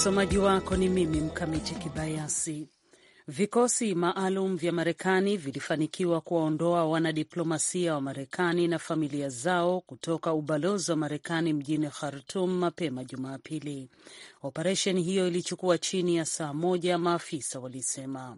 Msomaji wako ni mimi Mkamiti Kibayasi. Vikosi maalum vya Marekani vilifanikiwa kuwaondoa wanadiplomasia wa Marekani na familia zao kutoka ubalozi wa Marekani mjini Khartum mapema Jumapili. Operesheni hiyo ilichukua chini ya saa moja, maafisa walisema.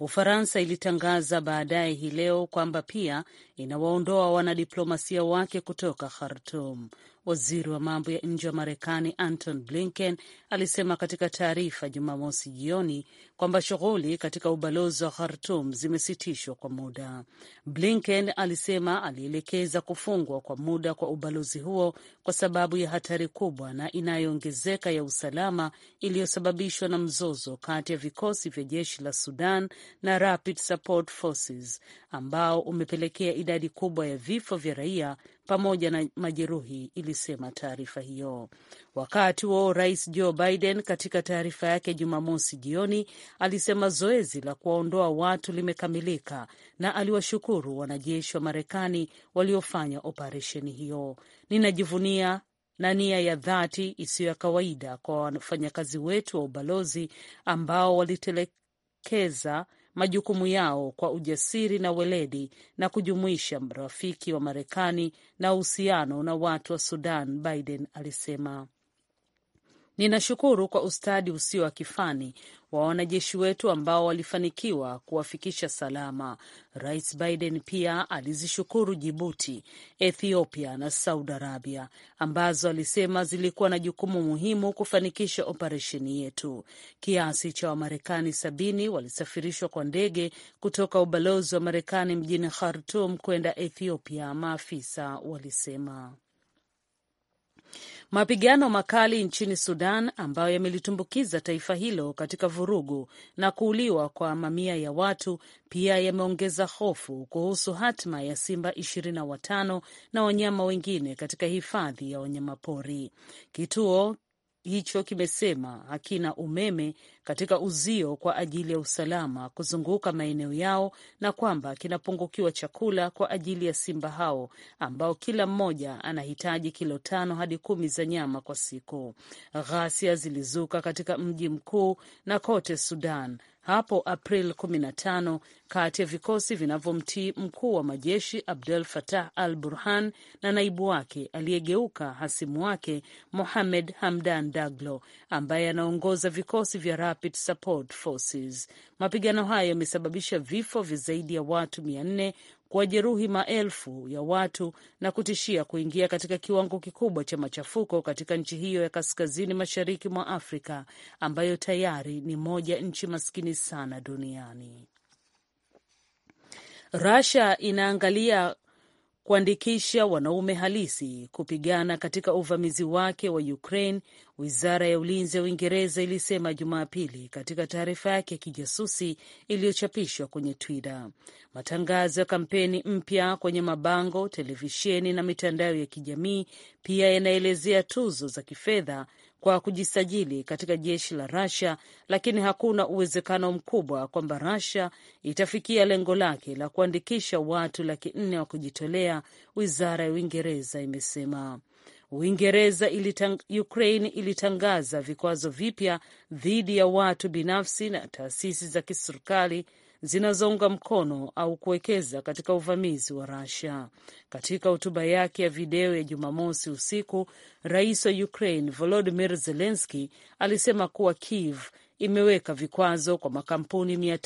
Ufaransa ilitangaza baadaye hii leo kwamba pia inawaondoa wanadiplomasia wake kutoka Khartum. Waziri wa mambo ya nje wa Marekani Anton Blinken alisema katika taarifa Jumamosi jioni kwamba shughuli katika ubalozi wa Khartum zimesitishwa kwa muda. Blinken alisema alielekeza kufungwa kwa muda kwa ubalozi huo kwa sababu ya hatari kubwa na inayoongezeka ya usalama iliyosababishwa na mzozo kati ya vikosi vya jeshi la Sudan Sudan na Rapid Support Forces ambao umepelekea idadi kubwa ya vifo vya raia pamoja na majeruhi, ilisema taarifa hiyo. Wakati huo Rais Joe Biden katika taarifa yake Jumamosi jioni alisema zoezi la kuwaondoa watu limekamilika na aliwashukuru wanajeshi wa Marekani waliofanya operesheni hiyo. Ninajivunia na nia ya dhati isiyo ya kawaida kwa wafanyakazi wetu wa ubalozi ambao kutekeleza majukumu yao kwa ujasiri na weledi na kujumuisha rafiki wa Marekani na uhusiano na watu wa Sudan, Biden alisema. Ninashukuru kwa ustadi usio wa kifani wa wanajeshi wetu ambao walifanikiwa kuwafikisha salama. Rais Biden pia alizishukuru Jibuti, Ethiopia na Saudi Arabia ambazo alisema zilikuwa na jukumu muhimu kufanikisha operesheni yetu. Kiasi cha Wamarekani sabini walisafirishwa kwa ndege kutoka ubalozi wa Marekani mjini Khartum kwenda Ethiopia, maafisa walisema. Mapigano makali nchini Sudan ambayo yamelitumbukiza taifa hilo katika vurugu na kuuliwa kwa mamia ya watu pia yameongeza hofu kuhusu hatima ya simba ishirini na watano na wanyama wengine katika hifadhi ya wanyamapori. Kituo hicho kimesema hakina umeme katika uzio kwa ajili ya usalama kuzunguka maeneo yao na kwamba kinapungukiwa chakula kwa ajili ya simba hao ambao kila mmoja anahitaji kilo tano hadi kumi za nyama kwa siku. Ghasia zilizuka katika mji mkuu na kote Sudan hapo April 15 kati ya vikosi vinavyomtii mkuu wa majeshi abdul fatah al Burhan na naibu wake aliyegeuka hasimu wake Mohamed Hamdan Daglo ambaye anaongoza vikosi vya Rapid Support Forces. Mapigano hayo yamesababisha vifo vya zaidi ya watu mia nne kuwajeruhi maelfu ya watu na kutishia kuingia katika kiwango kikubwa cha machafuko katika nchi hiyo ya kaskazini mashariki mwa Afrika ambayo tayari ni moja nchi maskini sana duniani. Russia inaangalia kuandikisha wanaume halisi kupigana katika uvamizi wake wa Ukraine, wizara ya ulinzi ya Uingereza ilisema Jumapili katika taarifa yake ya kijasusi iliyochapishwa kwenye Twitter. Matangazo ya kampeni mpya kwenye mabango, televisheni na mitandao ya kijamii pia yanaelezea tuzo za kifedha kwa kujisajili katika jeshi la Russia, lakini hakuna uwezekano mkubwa kwamba Russia itafikia lengo lake la kuandikisha watu laki nne wa kujitolea, wizara ya Uingereza imesema. Uingereza ilitang, Ukraine ilitangaza vikwazo vipya dhidi ya watu binafsi na taasisi za kiserikali zinazounga mkono au kuwekeza katika uvamizi wa rusia Katika hotuba yake ya video ya Jumamosi usiku, rais wa Ukraine volodimir zelenski alisema kuwa Kiev imeweka vikwazo kwa makampuni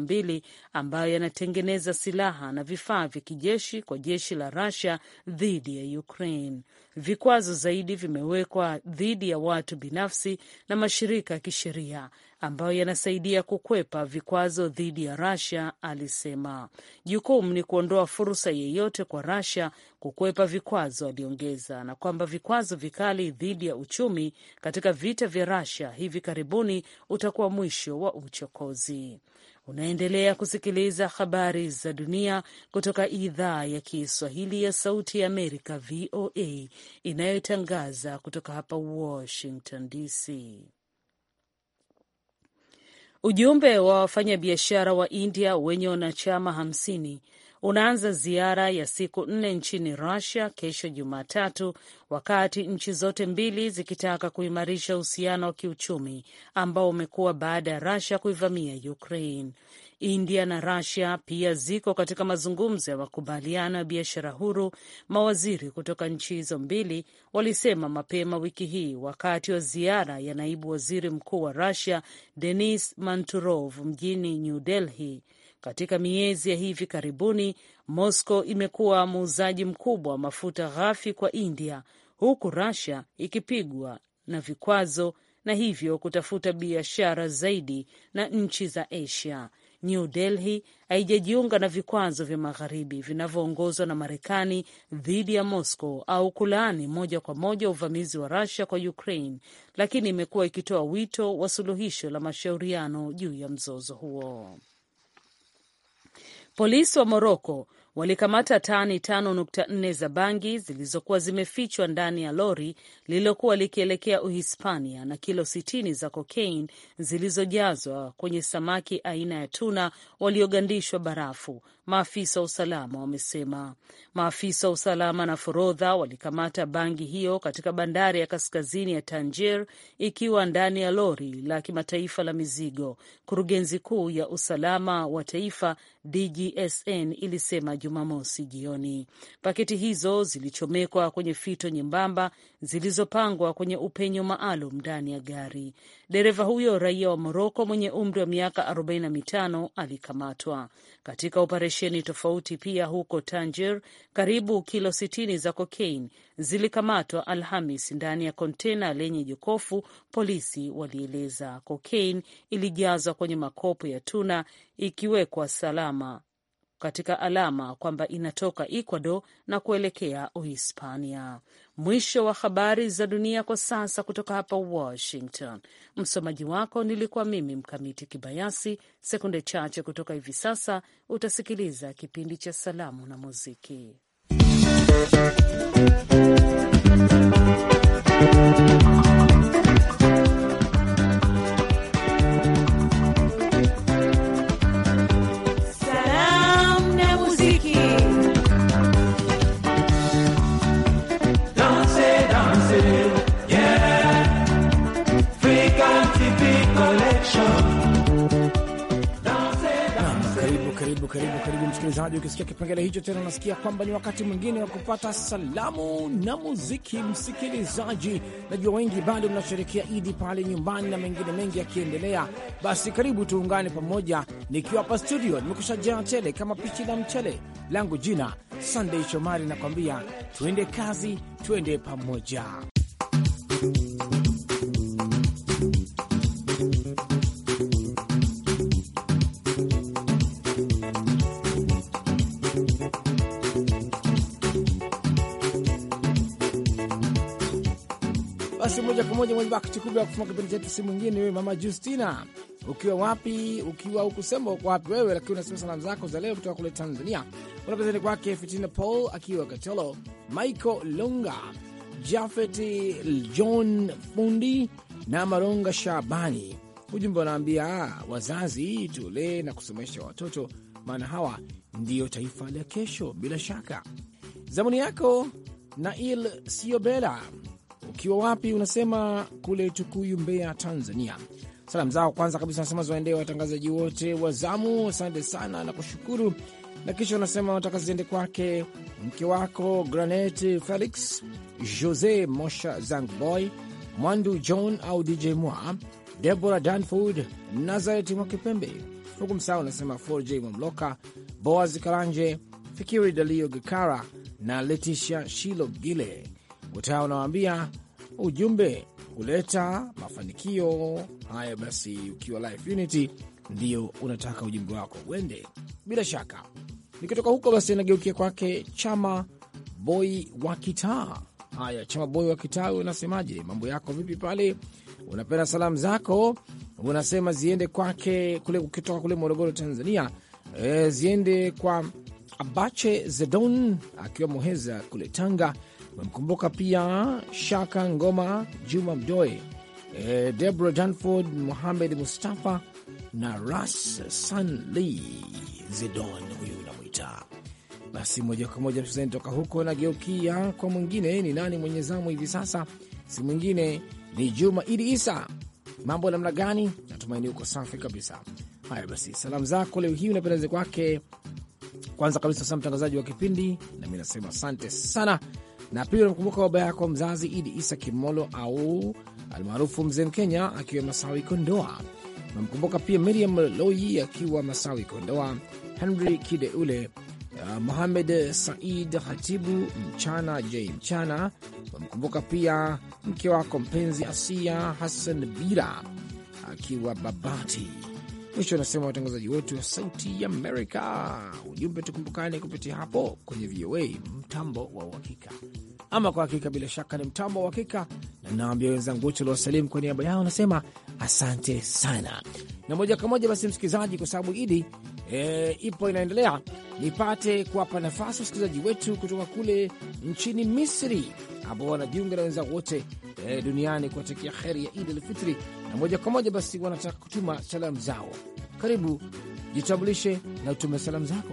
mbili ambayo yanatengeneza silaha na vifaa vya kijeshi kwa jeshi la rasia dhidi ya Ukraine. Vikwazo zaidi vimewekwa dhidi ya watu binafsi na mashirika ya kisheria ambayo yanasaidia kukwepa vikwazo dhidi ya Russia, alisema. Jukumu ni kuondoa fursa yeyote kwa Russia kukwepa vikwazo, aliongeza, na kwamba vikwazo vikali dhidi ya uchumi katika vita vya Russia hivi karibuni utakuwa mwisho wa uchokozi. Unaendelea kusikiliza habari za dunia kutoka idhaa ya Kiswahili ya Sauti ya Amerika, VOA, inayotangaza kutoka hapa Washington DC. Ujumbe wa wafanyabiashara wa India wenye wanachama hamsini unaanza ziara ya siku nne nchini Russia kesho Jumatatu, wakati nchi zote mbili zikitaka kuimarisha uhusiano wa kiuchumi ambao umekuwa baada ya Russia kuivamia Ukraine. India na Russia pia ziko katika mazungumzo ya makubaliano ya biashara huru, mawaziri kutoka nchi hizo mbili walisema mapema wiki hii wakati wa ziara ya naibu waziri mkuu wa Russia Denis Manturov mjini New Delhi. Katika miezi ya hivi karibuni, Moscow imekuwa muuzaji mkubwa wa mafuta ghafi kwa India, huku Russia ikipigwa na vikwazo na hivyo kutafuta biashara zaidi na nchi za Asia. New Delhi haijajiunga na vikwazo vya magharibi vinavyoongozwa na Marekani dhidi ya Moscow au kulaani moja kwa moja uvamizi wa rasia kwa Ukraine, lakini imekuwa ikitoa wito wa suluhisho la mashauriano juu ya mzozo huo. Polisi wa Moroko walikamata tani 5.4 za bangi zilizokuwa zimefichwa ndani ya lori lililokuwa likielekea Uhispania na kilo 60 za kokaini zilizojazwa kwenye samaki aina ya tuna waliogandishwa barafu, maafisa wa usalama wamesema. Maafisa wa usalama na forodha walikamata bangi hiyo katika bandari ya kaskazini ya Tangier ikiwa ndani ya lori la kimataifa la mizigo. Kurugenzi kuu ya usalama wa taifa DGSN ilisema Jumamosi jioni. Paketi hizo zilichomekwa kwenye fito nyembamba zilizopangwa kwenye upenyo maalum ndani ya gari. Dereva huyo raia wa Moroko mwenye umri wa miaka 45 alikamatwa katika operesheni tofauti pia huko tanger Karibu kilo 60 za kokaini zilikamatwa Alhamis ndani ya kontena lenye jokofu, polisi walieleza. Kokaini ilijazwa kwenye makopo ya tuna ikiwekwa salama katika alama kwamba inatoka Ecuador na kuelekea Uhispania. Mwisho wa habari za dunia kwa sasa kutoka hapa Washington. Msomaji wako nilikuwa mimi Mkamiti Kibayasi. Sekunde chache kutoka hivi sasa utasikiliza kipindi cha Salamu na Muziki. karibu karibu msikilizaji, ukisikia kipengele hicho tena, unasikia kwamba ni wakati mwingine wa kupata salamu na muziki. Msikilizaji, najua wengi bado mnasherekea Idi pale nyumbani na mengine mengi yakiendelea. Basi karibu tuungane pamoja, nikiwa hapa studio nimekusha jaa tele kama pichi la mchele. Langu jina sandey Shomari, nakwambia tuende kazi, tuende pamoja. Basi moja kwa moja wakati kubwa ya kufunga kipindi chetu si mwingine wewe Mama Justina, ukiwa wapi? Ukiwa ukusema uko wapi wewe, lakini unasema salamu zako za leo kutoka kule Tanzania unapezani kwake Fitina Paul akiwa Katolo, Michael Longa, jafet John Fundi na Maronga Shabani. Ujumbe wanaambia wazazi tulee na kusomesha watoto, maana hawa ndiyo taifa la kesho. Bila shaka zamani yako Nail Siobela ukiwa wapi? Unasema kule Tukuyu, Mbeya, Tanzania. Salamu zao kwanza kabisa unasema ziwaendee watangazaji wote wa zamu, asante sana na kushukuru, na kisha unasema unataka ziende kwake mke wako Granet Felix, Jose Mosha, Zangboy Mwandu, John au DJ Mwa, Debora Danford, Nazaret Mwakipembe huku msaa, unasema 4J Mamloka, Boaz Karanje, Fikiri Dalio Gikara na Leticia shilo gile utaa unawaambia ujumbe kuleta mafanikio. Haya basi, ukiwa Life Unity unataka ujumbe wako uende, bila shaka. Nikitoka huko basi, nageukia kwake Chama boi wa Kitaa. Haya, Chama Boi wa Kitaa, unasemaje? Mambo yako vipi pale? Unapenda salamu zako unasema ziende kwake kule, ukitoka kule Morogoro, Tanzania. E, ziende kwa Abache Zedon akiwa Muheza kule Tanga. Umemkumbuka pia Shaka Ngoma, Juma Mdoe, e, eh, Debra Danford, Muhamed Mustafa na Ras San Sanli Zidon, huyu unamwita. Basi moja kwa moja mchezani toka huko na geukia kwa mwingine. Ni nani mwenye zamu hivi sasa? Si mwingine ni Juma Idi Isa. Mambo namna gani? Natumaini uko safi kabisa. Haya basi, salamu zako leo hii unapendeza kwake. Kwanza kabisa, saa mtangazaji wa kipindi, nami nasema asante sana na pia unamkumbuka baba yako mzazi Idi Isa Kimolo au almaarufu Mzee Mkenya akiwa Masawi Kondoa. Unamkumbuka pia Miriam Loyi akiwa Masawi Kondoa, Henry Kideule, uh, Mohamed Said Hatibu Mchana J Mchana. Namkumbuka pia mke wako mpenzi Asia Hassan Bira akiwa Babati. Mwisho anasema watangazaji wetu wa Sauti ya Amerika, ujumbe tukumbukane kupitia hapo kwenye VOA, mtambo wa uhakika. Ama kwa hakika, bila shaka ni mtambo wa uhakika, na nawambia wenzangu wote uliwasalimu kwa niaba yao, anasema asante sana. Na moja kwa moja basi, msikilizaji, kwa sababu Idi e, ipo inaendelea, nipate kuwapa nafasi wasikilizaji wetu kutoka kule nchini Misri ambao wanajiunga na wenzao wote e, duniani kuwatakia heri ya Idi Alfitri, na moja kwa moja basi wanataka kutuma salamu zao. Karibu, jitambulishe na utume salamu zako.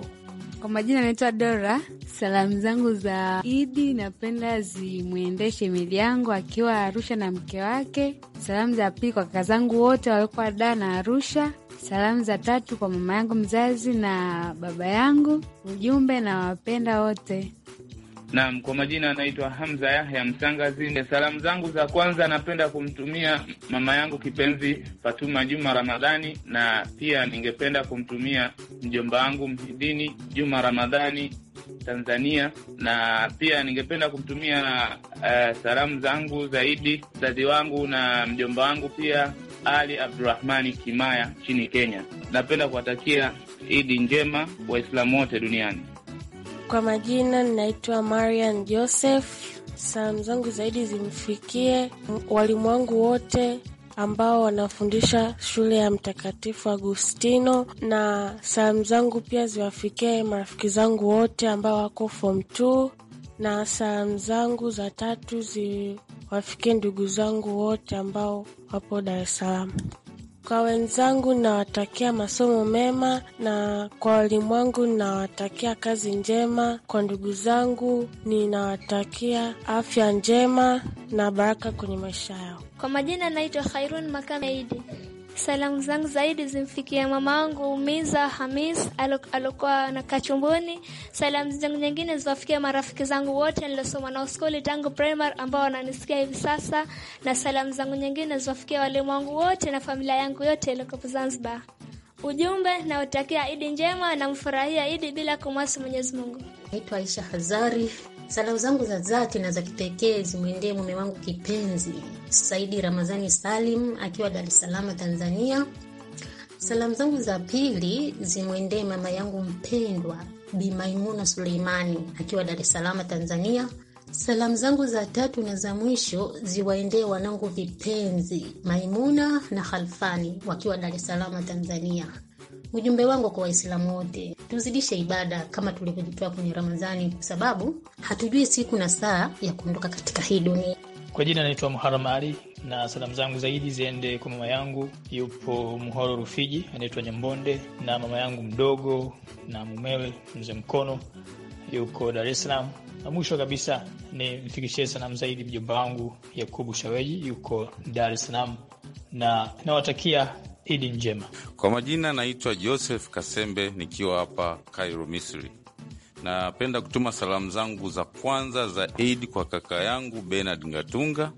Kwa majina anaitwa Dora. Salamu zangu za Idi napenda zimwendeshe mili yangu akiwa Arusha na mke wake. Salamu za pili kwa kaka zangu wote waliokuwa Daa na Arusha. Salamu za tatu kwa mama yangu mzazi na baba yangu. Ujumbe na wapenda wote. Naam, kwa majina anaitwa Hamza Yahya Msangazi. Salamu zangu za kwanza napenda kumtumia mama yangu kipenzi Fatuma Juma Ramadhani, na pia ningependa kumtumia mjomba wangu Mhidini Juma Ramadhani Tanzania, na pia ningependa kumtumia uh, salamu zangu zaidi mzazi wangu na mjomba wangu pia ali Abdurahmani Kimaya nchini Kenya. Napenda kuwatakia Idi njema Waislamu wote duniani. Kwa majina ninaitwa Marian Joseph. Salamu zangu zaidi zimfikie walimu wangu wote ambao wanafundisha shule ya Mtakatifu Agustino, na salamu zangu pia ziwafikie marafiki zangu wote ambao wako form 2, na salamu zangu za tatu zi wafikie ndugu zangu wote ambao wapo Dar es Salaam. Kwa wenzangu nawatakia masomo mema, na kwa walimu wangu ninawatakia kazi njema. Kwa ndugu zangu ninawatakia afya njema na baraka kwenye maisha yao. Kwa majina naitwa Khairun Makame Salamu zangu zaidi zimfikia mamangu miza Hamis aliokuwa na chumbuni. Salamu zangu nyingine ziwafikia marafiki zangu wote nilosoma nao skuli tangu primary ambao wananisikia hivi sasa, na salamu zangu nyingine ziwafikia walimu wangu wote na familia yangu yote iliokopo Zanzibar. Ujumbe naotakia Idi njema, namfurahia Idi bila kumwasi Mwenyezi Mungu. Naitwa Aisha Hazari, Salamu zangu za dhati na za kipekee zimwendee mume wangu kipenzi Saidi Ramazani Salim akiwa Dar es Salaam, Tanzania. Salamu zangu za pili zimwendee mama yangu mpendwa Bi Maimuna Suleimani akiwa Dar es Salaam, Tanzania. Salamu zangu za tatu na za mwisho ziwaendee wanangu vipenzi Maimuna na Khalfani wakiwa Dar es Salaam, Tanzania. Ujumbe wangu kwa Waislamu wote, tuzidishe ibada kama tulivyojitoa kwenye Ramadhani, kwa sababu hatujui siku na saa ya kuondoka katika hii dunia. Kwa jina naitwa Muharam Ali na salamu zangu zaidi ziende kwa mama yangu yupo Mhoro Rufiji, anaitwa Nyambonde, na mama yangu mdogo na mumewe Mzee Mkono yuko Dar es Salaam, na mwisho kabisa nimfikishie salamu zaidi mjomba wangu Yakubu Shaweji yuko Dar es Salaam, na nawatakia Idi njema. Kwa majina naitwa Joseph Kasembe nikiwa hapa cairo Misri. Napenda kutuma salamu zangu za kwanza za Idi kwa kaka yangu Benard Ngatunga.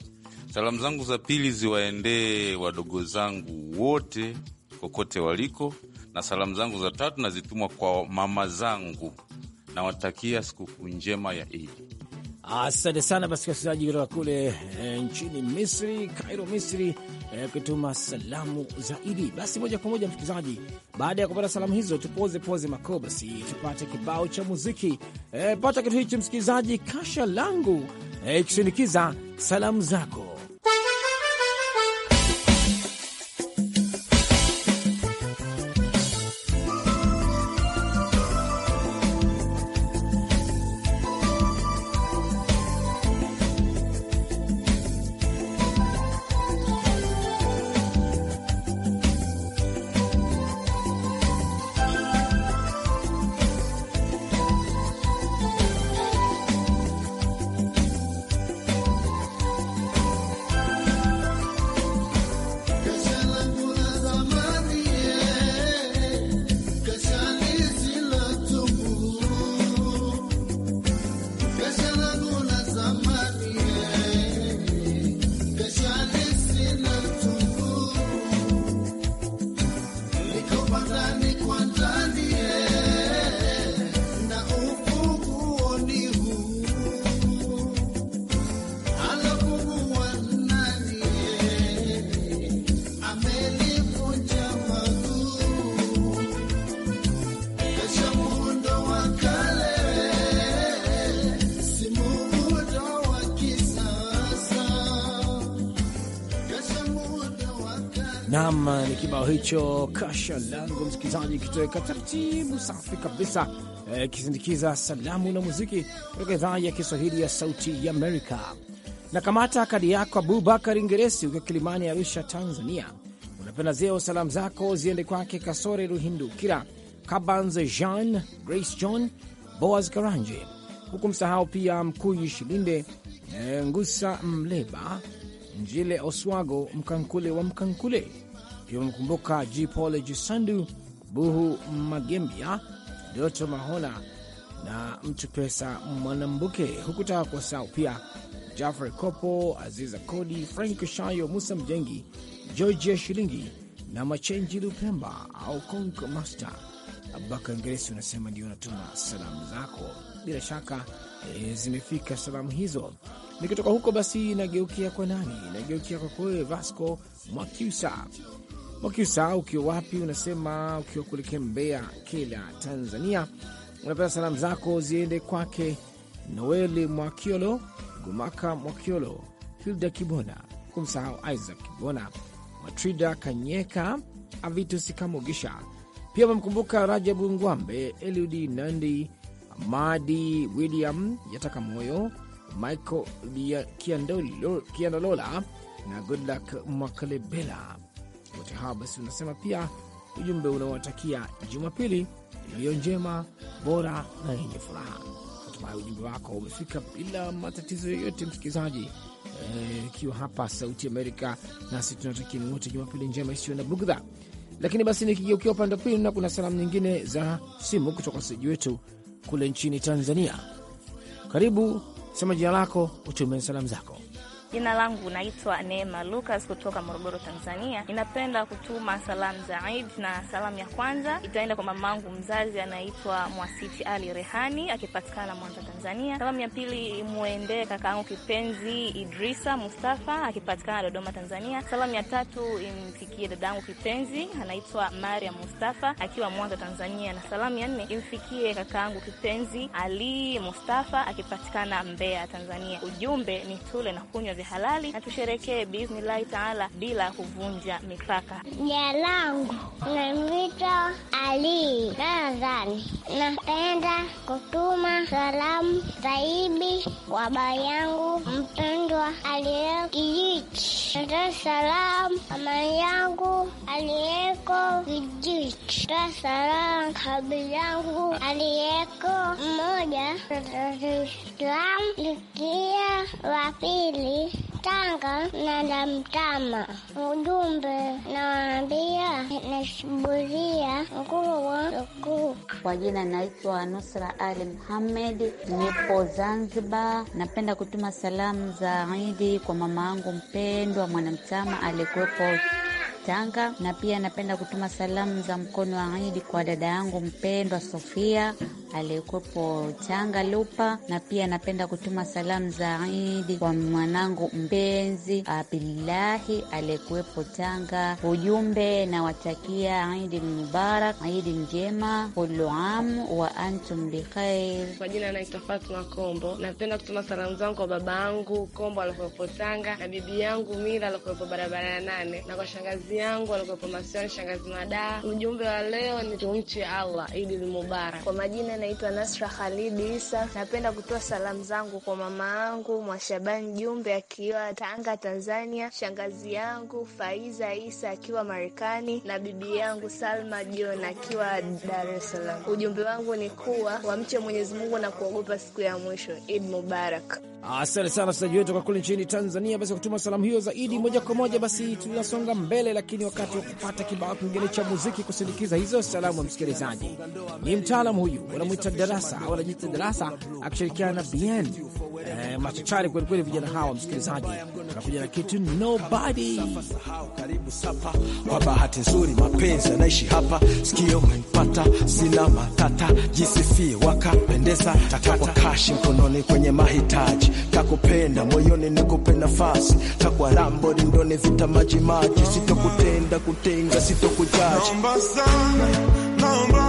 Salamu zangu za pili ziwaendee wadogo zangu wote kokote waliko, na salamu zangu za tatu nazitumwa kwa mama zangu. Nawatakia sikukuu njema ya Idi. Asante sana basi, wasikilizaji kutoka kule e, nchini Misri, Cairo, Misri. Eh, kutuma salamu zaidi. Basi moja kwa moja, msikilizaji, baada ya kupata salamu hizo, tupoze poze makoo, basi tupate kibao cha muziki. E, pata kitu hichi msikilizaji, kasha langu e, salamu zako Naam, ni kibao hicho kasha langu msikilizaji, kitoweka taratibu safi kabisa ikisindikiza eh, e, salamu na muziki kutoka idhaa ya Kiswahili ya Sauti ya Amerika. Na kamata kadi yako Abubakar ingeresi ukiwa Kilimani, Arusha, Tanzania. Unapenda zeo salamu zako ziende kwake Kasore Ruhindukira, Kabanze Jean, Grace John, Boaz Karanje, huku msahau pia Mkuyi Shilinde, e, Ngusa Mleba, Njile Oswago, Mkankule wa Mkankule vimemkumbuka G Pole Jisandu, Buhu Magembia, Doto Mahona na Mtu Pesa Mwanambuke, hukutaka kuwasahau pia Jafrey Kopo, Aziza Kodi, frank shayo Musa Mjengi, Georgia Shilingi na Machenji Lupemba au conk Master. Abubakar Ngeresi unasema ndio unatuma salamu zako, bila shaka e, zimefika salamu hizo. Nikitoka huko basi nageukia kwa nani? Nageukia kwako Vasco Mwakiusa, Mwakisa, ukiwa wapi? Unasema ukiwa kuelekea Mbeya Kela, Tanzania. Unapenda salamu zako ziende kwake Noeli Mwakiolo, Gumaka Mwakiolo, Hilda Kibona, kumsahau Isaac Kibona, Matrida Kanyeka, Avitus Kamugisha. Pia wamemkumbuka Rajabu Ngwambe, Eliudi Nandi, Madi William yataka moyo Michael Kiandalola na Goodluck Mwakalebela. Wote hawa basi unasema pia ujumbe unaowatakia Jumapili iliyo njema, bora na yenye furaha. Hatimaye ujumbe wako umefika bila matatizo yoyote, msikilizaji eh, ikiwa e, hapa Sauti Amerika, nasi tunatakia wote Jumapili njema isiyo na bugdha. Lakini basi nikigeukia upande wa pili, na kuna salamu nyingine za simu kutoka wasaji wetu kule nchini Tanzania. Karibu, sema jina lako, utume salamu zako. Jina langu naitwa Neema Lucas kutoka Morogoro, Tanzania. Ninapenda kutuma salamu za Eid, na salamu ya kwanza itaenda kwa mamangu mzazi anaitwa Mwasiti Ali Rehani akipatikana Mwanza, Tanzania. Salamu ya pili imwendee kakaangu kipenzi Idrisa Mustafa akipatikana Dodoma, Tanzania. Salamu ya tatu imfikie dadangu kipenzi anaitwa Maria Mustafa akiwa Mwanza, Tanzania, na salamu ya nne imfikie kakaangu kipenzi Ali Mustafa akipatikana Mbeya, Tanzania. Ujumbe ni tule na kunywa kazi halali na tusherekee biiznillahi taala bila kuvunja mipaka. Jina langu namwita Ali Ramadhani, napenda kutuma salamu zaidi kwa baba yangu mpendwa kijiji Dar es Salaam, mama yangu aliyeko Vijiji. Dar es Salaam, habibi yangu aliyeko mmoja. Dar es Salaam, Likia wa pili Tanga na Damtama. Ujumbe nawaambia, nashuburia nguruwa sukuu. Kwa jina naitwa Nusra Ali Muhamedi, nipo Zanzibar. Napenda kutuma salamu za Idi kwa mama yangu mpendwa Mwanamtama alikuwepo Tanga, na pia napenda kutuma salamu za mkono wa Idi kwa dada yangu mpendwa Sofia aliyekuwepo Tanga Lupa, na pia napenda kutuma salamu za Idi kwa mwanangu mpenzi Abdullahi aliyekuwepo Tanga. Ujumbe nawatakia Idi Mubarak, Idi njema, kullu am wa antum bikhair. Kwa jina naitwa Fatuma Kombo. Napenda kutuma salamu zangu kwa baba yangu Kombo alikuwepo Tanga na bibi yangu Mira alikuwepo barabara ya nane na kwa shangazi mashangazi yangu walikuwepo, Masioni shangazi Madaa. Ujumbe wa leo ni tumche Allah. Idi Mubarak. Kwa majina naitwa Nasra Khalidi Isa. Napenda kutoa salamu zangu kwa mama yangu Mwashabani Jumbe akiwa Tanga, Tanzania, shangazi yangu Faiza Isa akiwa Marekani na bibi yangu Salma John akiwa Dar es Salaam. Ujumbe wangu ni kuwa wamche Mwenyezi Mungu na kuogopa siku ya mwisho. Idi Mubarak. Asante sana msikilizaji wetu kwa kule nchini Tanzania. Basi kutuma salamu hiyo za Idi moja kwa moja, basi tunasonga mbele lakini wakati wa kupata kibao kingine cha muziki kusindikiza hizo salamu ya msikilizaji, ni mtaalam huyu, wanamwita Darasa au anajiita Darasa, akishirikiana na Bien. Eh, machachari kwelikweli vijana hawa, msikilizaji, anakuja na kitu nobody. Kwa bahati nzuri mapenzi anaishi hapa, sikio umempata, sina matata, jisifie wakapendeza, takwa kashi mkononi kwenye mahitaji, takupenda moyoni, nikupe nafasi, takwa rambo lindoni, vita majimaji, sitoku kutenda kutenga sitokujali. Naomba sana, naomba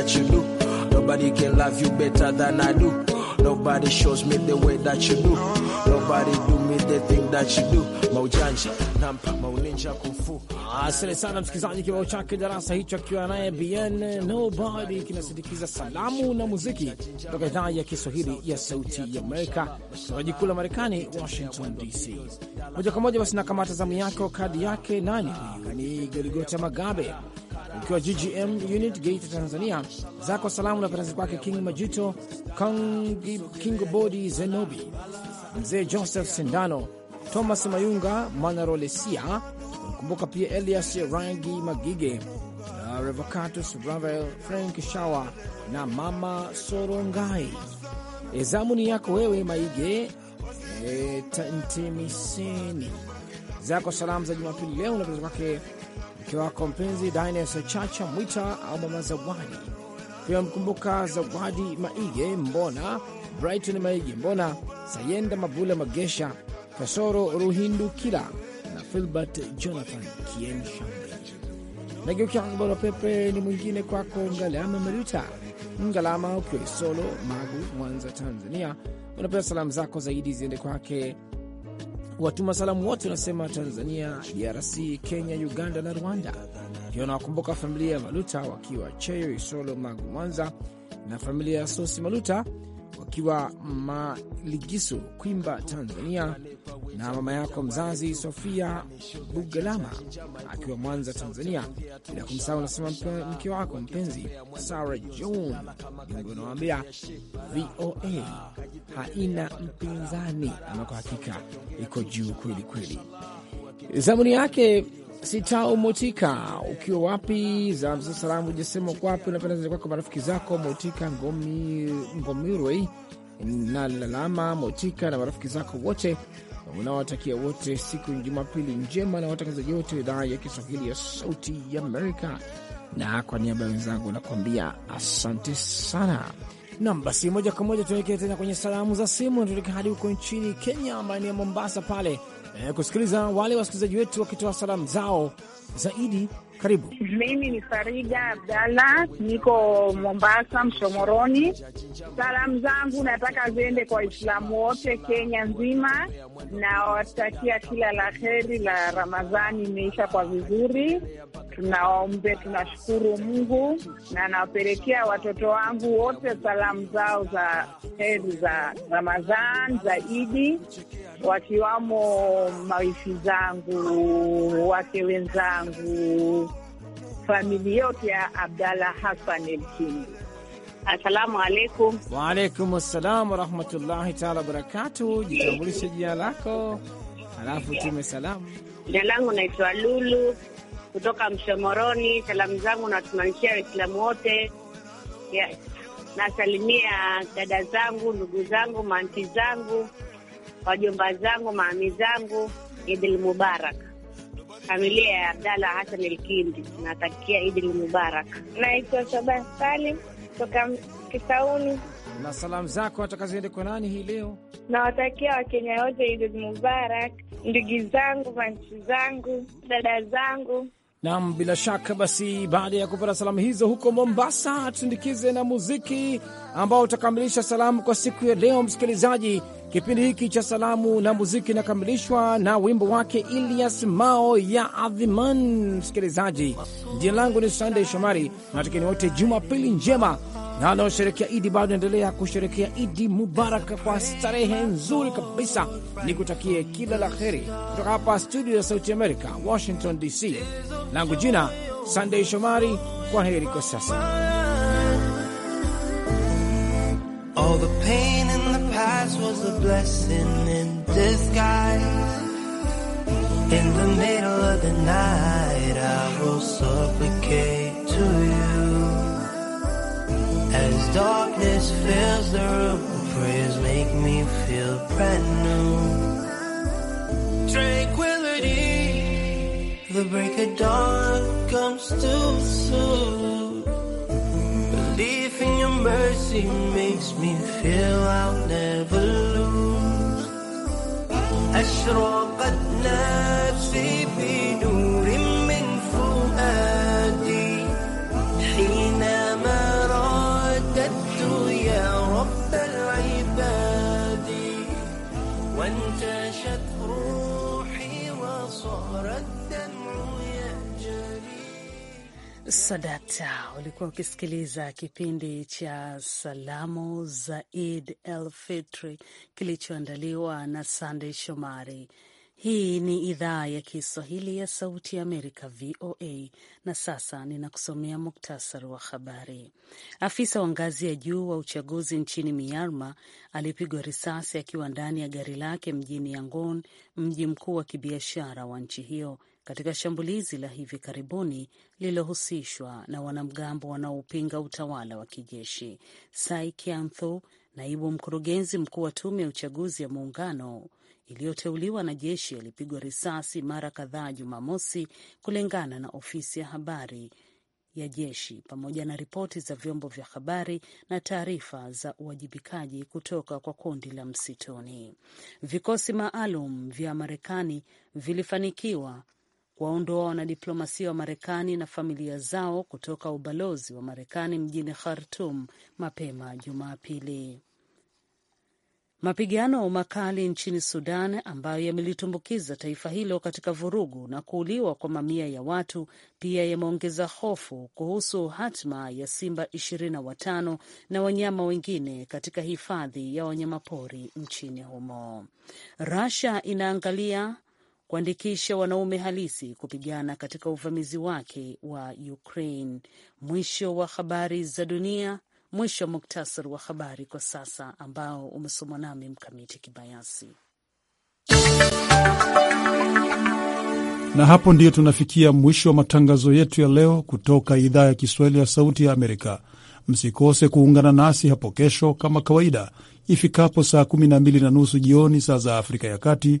that you do. Nobody can love you better than I do. Nobody shows me the way that you do. Nobody do me the thing that you do. Maujanja, nampa, maulinja, kumfu. Asante sana msikilizaji, kibao chake darasa hicho akiwa naye Bien Nobody kinasindikiza salamu na muziki kutoka idhaa ya Kiswahili ya Sauti ya Amerika kutoka jikuu la Marekani, Washington DC. Moja kwa moja basi nakamata zamu yako, kadi yake nani huyu? Ni Gorigota Magabe ukiwa GGM unit Geita, Tanzania, zako salamu na kwake King Majuto, Bodi Zenobi, mzee Joseph Sindano, Thomas Mayunga, Manarolesia. Kumbuka pia Elias Rangi Magige, na Revocatus Ravel, Frank Shawa na mama Sorongai. E, zamu ni yako wewe Maige e, Ntemiseni, zako salamu za Jumapili leo na kwake mke wako mpenzi Dines Chacha Mwita au mama Zawadi. Pia mkumbuka Zawadi Maige Mbona, Brighton Maige Mbona, Sayenda Mabula Magesha, Kasoro Ruhindu Kila na Filbert Jonathan Kienshambe. Nageukia barua pepe ni mwingine kwako, Ngalama Maruta Ngalama ukiwa Isolo, Magu, Mwanza, Tanzania. Unapewa salamu zako zaidi ziende kwake kuwatuma salamu wote wanasema Tanzania, DRC, Kenya, Uganda na Rwanda. Pia wanawakumbuka familia ya Maluta wakiwa Cheyo, Isolo, Magu, Mwanza na familia ya Sosi Maluta wakiwa Maligisu, Kwimba, Tanzania, na mama yako mzazi Sofia Bugalama akiwa Mwanza, Tanzania, bila kumsahau unasema mke wako mpenzi Sara John. Ndio nawaambia VOA haina mpinzani, ama kwa hakika iko juu kweli kweli. Zamuni yake Sitau Motika, ukiwa wapi? Za salamu ujasema uko wapi, unapenda kwako marafiki zako Motika Ngomi, Ngomirwe na Lalama Motika na marafiki zako wote unawatakia wote siku Jumapili njema na watangazaji wote wa idhaa ya Kiswahili ya Sauti ya Amerika. Na kwa niaba ya wenzangu nakuambia asante sana. Nam, basi moja kwa moja tuelekee tena kwenye salamu za simu, natuelekea hadi huko nchini Kenya, ambaye ni Mombasa pale, eh, kusikiliza wale wasikilizaji wetu wakitoa salamu zao zaidi karibu. Mimi ni Farida Abdalla, niko Mombasa Mshomoroni. Salamu zangu nataka ziende kwa Waislamu wote Kenya nzima, nawatakia kila la heri la Ramadhani. Imeisha kwa vizuri, tunaombe, tunashukuru Mungu, na nawapelekea watoto wangu wote salamu zao za heri za Ramadhan za Idi, wakiwamo mawifi zangu, wake wenzangu famili yote ya Abdalla Hassan Elkindu. Assalamu alaikum. Waalaikum assalam warahmatullahi taala wabarakatu. Jitambulishe jina lako halafu tume salamu. Jina langu naitwa Lulu kutoka Mshomoroni. Salamu zangu natumanishia Waislamu wote yes. Nasalimia dada zangu, ndugu zangu, maanti zangu, wajomba zangu, maami zangu. Idil Mubarak familia ya Abdalla Hassan Elkindi, natakia Idi Mubarak. Naitwa sabah Salim kutoka Kisauni. Na salamu zako nataka ziende kwa nani hii leo? Nawatakia Wakenya wote Idi Mubarak, ndugu zangu, manchi zangu, dada zangu Nam, bila shaka basi, baada ya kupata salamu hizo huko Mombasa, tusindikize na muziki ambao utakamilisha salamu kwa siku ya leo. Msikilizaji, kipindi hiki cha salamu na muziki inakamilishwa na wimbo wake Ilias Mao ya Adhiman. Msikilizaji, jina langu ni Sandey Shomari, nawatikeni wote Jumapili njema na wanaosherekea Idi bado endelea kusherekea Idi mubaraka kwa starehe nzuri kabisa. Ni kutakie kila la heri kutoka hapa studio ya Sauti Amerika, Washington DC. Langu jina Shomari, kwa heri kwa sasa. All the pain in the past was a blessing in disguise. In the middle of the night, I will supplicate to you. As darkness fills the room, prayers make me feel brand new. Tranquility, the break of dawn comes too soon. Belief in your mercy makes me feel I'll never lose. أشرقت نفسي sadata ulikuwa ukisikiliza kipindi cha salamu za Eid el Fitri kilichoandaliwa na Sandey Shomari. Hii ni idhaa ya Kiswahili ya Sauti ya Amerika, VOA. Na sasa ninakusomea muktasari wa habari. Afisa wa ngazi ya juu wa uchaguzi nchini Myanmar alipigwa risasi akiwa ndani ya gari lake mjini Yangon, mji mkuu wa kibiashara wa nchi hiyo katika shambulizi la hivi karibuni lililohusishwa na wanamgambo wanaopinga utawala wa kijeshi. Sai Kiantho, naibu mkurugenzi mkuu wa tume ya uchaguzi ya muungano iliyoteuliwa na jeshi, alipigwa risasi mara kadhaa Jumamosi, kulingana na ofisi ya habari ya jeshi pamoja na ripoti za vyombo vya habari na taarifa za uwajibikaji kutoka kwa kundi la msituni. Vikosi maalum vya Marekani vilifanikiwa kuwaondoa wanadiplomasia wa Marekani na familia zao kutoka ubalozi wa Marekani mjini Khartum mapema Jumapili. Mapigano makali nchini Sudan ambayo yamelitumbukiza taifa hilo katika vurugu na kuuliwa kwa mamia ya watu pia yameongeza hofu kuhusu hatma ya simba ishirini na watano na wanyama wengine katika hifadhi ya wanyamapori nchini humo. Russia inaangalia kuandikisha wanaume halisi kupigana katika uvamizi wake wa Ukraine. Mwisho wa habari za dunia. Mwisho wa muktasari wa habari kwa sasa, ambao umesomwa nami Mkamiti Kibayasi. Na hapo ndiyo tunafikia mwisho wa matangazo yetu ya leo kutoka idhaa ya Kiswahili ya Sauti ya Amerika. Msikose kuungana nasi hapo kesho kama kawaida ifikapo saa 12 na nusu jioni saa za Afrika ya Kati